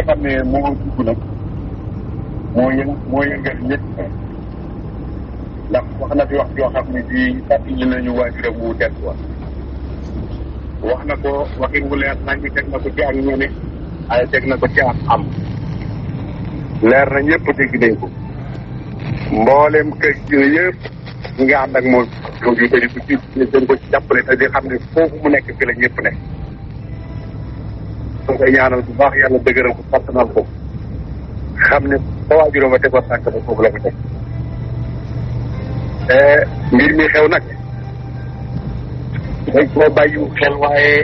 nga xam ne moo dugg nag moo yëngal ñëpp ndax wax na fi wax yoo xam ne bii fàttali nañu waajuram wu tedd wa wax na ko waxin wu leer nañ teg na ko ci ak ñoo ne ay teg na ko ci ak am leer na ñëpp dégg nañ ko mboolem kër gi yëpp ñi nga ànd ak moom loolu yu bëri ko ci jàppale te di xam foofu mu nekk fi la ñëpp soo koy ñaanal bu baax yàlla dëgëral ko fàttanal ko xam ne sa waajuram a tegoon tànk foofu la ko teg eh, mbir mi xew nag dañ koo bàyyiwu xel waaye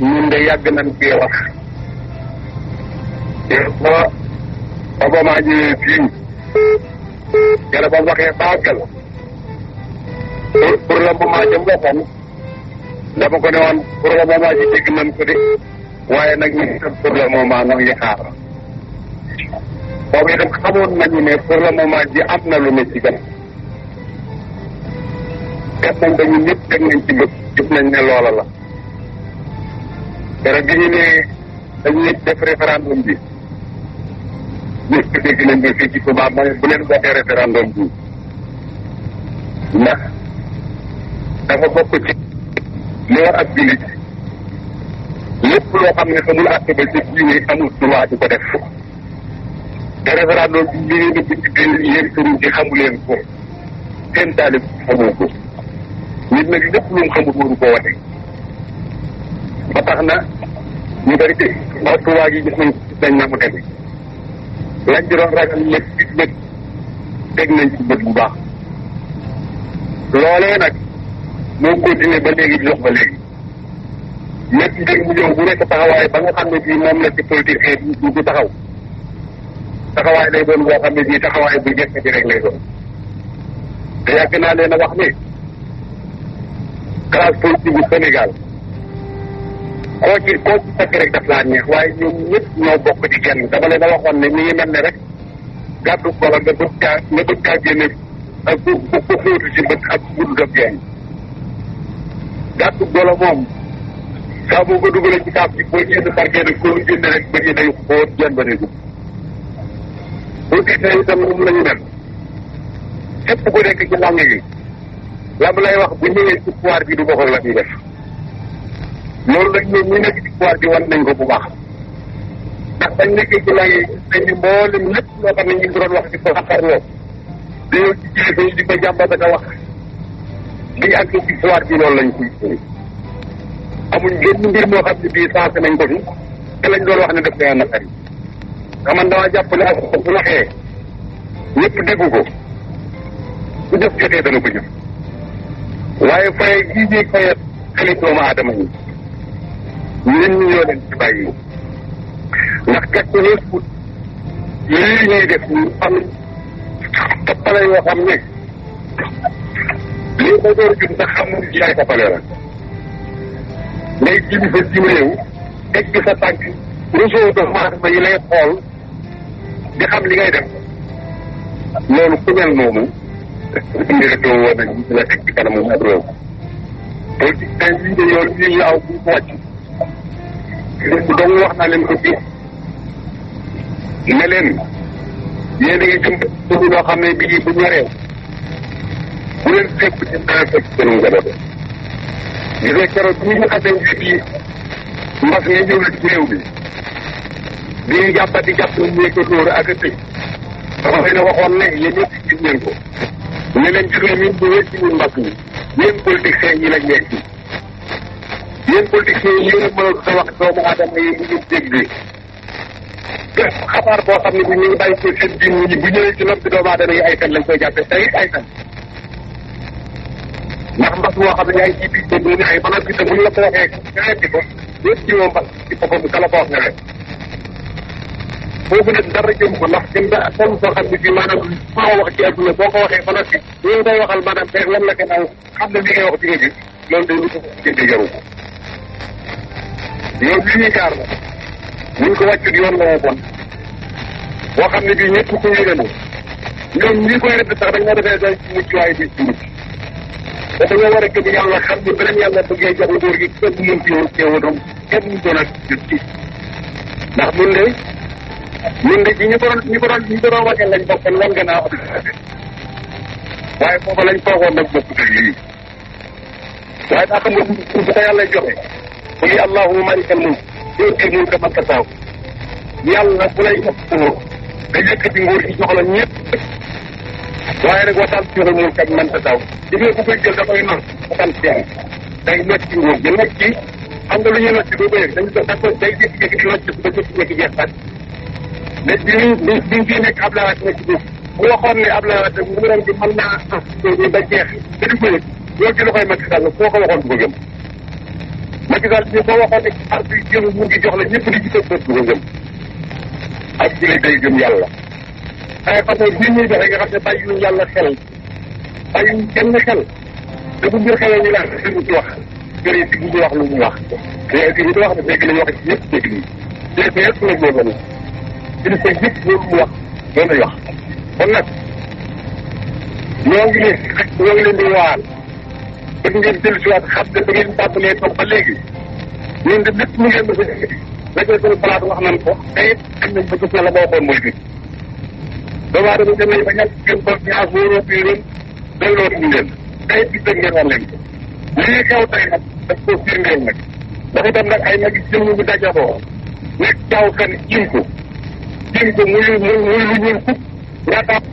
ñun de yàgg nañ cee wax te ba Obama eh, dama ko ne woon pour le moment ji dégg nañ ko de waaye nag ñun itam pour le moment ñu ngi xaar boobu itam xamoon nañu ne pour ji am na lu ne ci gën def nañ dañu ñëpp teg nañ ci bët gis nañ ne loola la dara gi ñu ne dañuy def référendum bi ñëpp dégg nañ ne fii ci Touba ma ne bu leen wootee référendum bi ndax dafa bokk ci li war ak jullit lépp loo xam ne amul àtte ba ci diine amul droit di ko def te bi li ngeen di tuddee yéen sëriñ bi xamu leen ko seen taalib xamoo ko nit nag lépp lu mu xamul waru ko wate ba tax na ñu bari te waxtuwaay gis nañ dañ na mu demee lañ di doon ragal lépp ci bët teg nañ ci bët bu baax loolee nag moo continué ba léegi di dox ba léegi lépp ngir mu ñëw bu nekk taxawaay ba nga xam ne bii moom la ci politique du du taxaw taxawaay lay doon boo xam ne bii taxawaay bu njëkk bi rek lay doon. te yàgg naa leen a wax ni classe politique bu Sénégal koo ci koo ci takk rek daf laa neex waaye ñoom ñëpp ñoo bokk ci kenn dama leen a waxoon ne mi ngi mel ne rek gàddu kola nga bëgg kaa nga bëgg kaa génne ak bu bu bët ak gudd ak golo moom. saa boo ko dugalee ci kaaf bi boo jënd barke nag koo jënd rek ba ñu day xóot jën ba day gudd. boo gisee itam moom la ñu mel képp ku nekk ci làng gi la mu lay wax bu ñëwee ci pouvoir bi du bokkal la ñuy def loolu nag ñoom nañ ko bu baax ndax bañ nekkee ci làng yi dañ ni mboolem lépp loo xam ne ñu ngi doon ko xaarloo dañoo ak a wax lañ amul benn mbir moo xam ne bii saase nañ ko fi te lañ doon wax ne def naa naqari xaman dama jàpp ne ak bu waxee ñëpp déggu ko bu def jotee dana ko jëf waaye faye gii ñuy faye xeli doomu aadama yi ñun ñu ñoo leen ci bàyyi ndax kat wéesut lii ñuy def ñu am toppale yoo xam ne lii ko door jum sax xamul jaay toppale la ngay kilifa ci réew teg sa tànk réseau de ma yi lay xool di xam li ngay def loolu ku mel noonu indi teg ci kanamu ak réew politique yi dañoo lii laaw bu wàcc donc wax naa leen ko fii ne leen yéen a ngi jëm dugg loo xam ne bii bu ñoree bu leen fekk ci dara fekk seen njaboot gis nga keroog bi ñu xasee wut yi mbas mi ñëw ci réew mi bi ñu jàppati jàpp ñu ko a tëj dafa fay ne waxoon ne yéen ñëpp gis ko ne leen ci réew bu wér ci ñun mbas mi yéen politiciens yi lañ leen ci yéen politiciens yi yéen a mën a wax yi ñu dégg bépp xabaar boo xam bu ñu ngi bàyyi ko seen biir ci nopp doomu aadama yi ay fen lañ koy jàppee tey ay fen ndax mbas moo xam ne yaa ngi ciy biir déglu ñu ay maanaam gis nga bu ñu la ko waxee nawet bi ko lépp ci moom mbas ci boppam kala ko wax nga rek. boobu nag dara jëm ko ndax jëm da toll soo xam ne fii maanaam foo wax ci adduna boo ko waxee ba noppi ñu ngi koy waxal maanaam tey lan la ko daw xam ne li ngay wax dina bi loolu day lu ko jënd yaru ko. yoon li ñuy jaar la ñu ko wàccut yoon la woon boo xam ne bii ñëpp ku ñu yëngu ñoom ñi koy rëdd sax dañ ma defee doy ci mucc waaye bi ci mucc dañoo war a gëm yàlla xam ne beneen yàlla bëggee jox nguur gi kenn kenn doon ak jot ci ndax ñun de ñun de ñi ñu ko doon ñi ko doon ñi ko lañ bokkoon lan gannaaw waaye foofa lañ foogoon nag bokk ko yii ko yàlla joxe qul ya allahumma maalikal mulk yàlla bu lay jox nguur nga nguur jox la ñëpp waaye nag waxtaan si yow moom kat man sa taw. gis nga ku koy jël da koy xam nga lu ñuy ba da ko day jékki-jékki di nocc ba jékki-jékki jeex fat mais bi ñu bi ñu ne Abdoulaye Wade nguuram gi mën naa am ñu ba ko yëg loolu ci la koy Macky Sall foo ko waxoon du waxoon ne parti jël mu ngi jox la ñëpp di ci tëb du ko ak ci day gëm yàlla waaye façon bii ñuy doxee nga xam ne bàyyiwuñ yàlla xel bàyyiwuñ kenn xel te bu mbir xewee ñu naan dëgg ci wax jërëjëf si bu wax lu mu wax. te yooyu tamit wax dëgg la ñu wax ci ñëpp dégg nañu léegi yëpp la ñu doon wax ci ñëpp loolu mu wax loolu lay wax kon nag ñoo ngi leen ñoo ngi leen di waal ba ngeen dellu si waat xam ne da ngeen tàmbalee toog ba léegi ñun de lépp mu ngeen doon def rek la seen place wax nañ ko te it am nañ bëgg na la ma waxoon mooy dëgg. doomu aadama demee ba ñàkk seen confiance wóoroo biiram dellootuñ leen tey bi dëgg ngeen war leen ko lii xew tey nag daf ko firndeel nag dafa dem nag ay nag jëmm bi dajaloo nekk jaww kan jiim ko jiim ko muy muy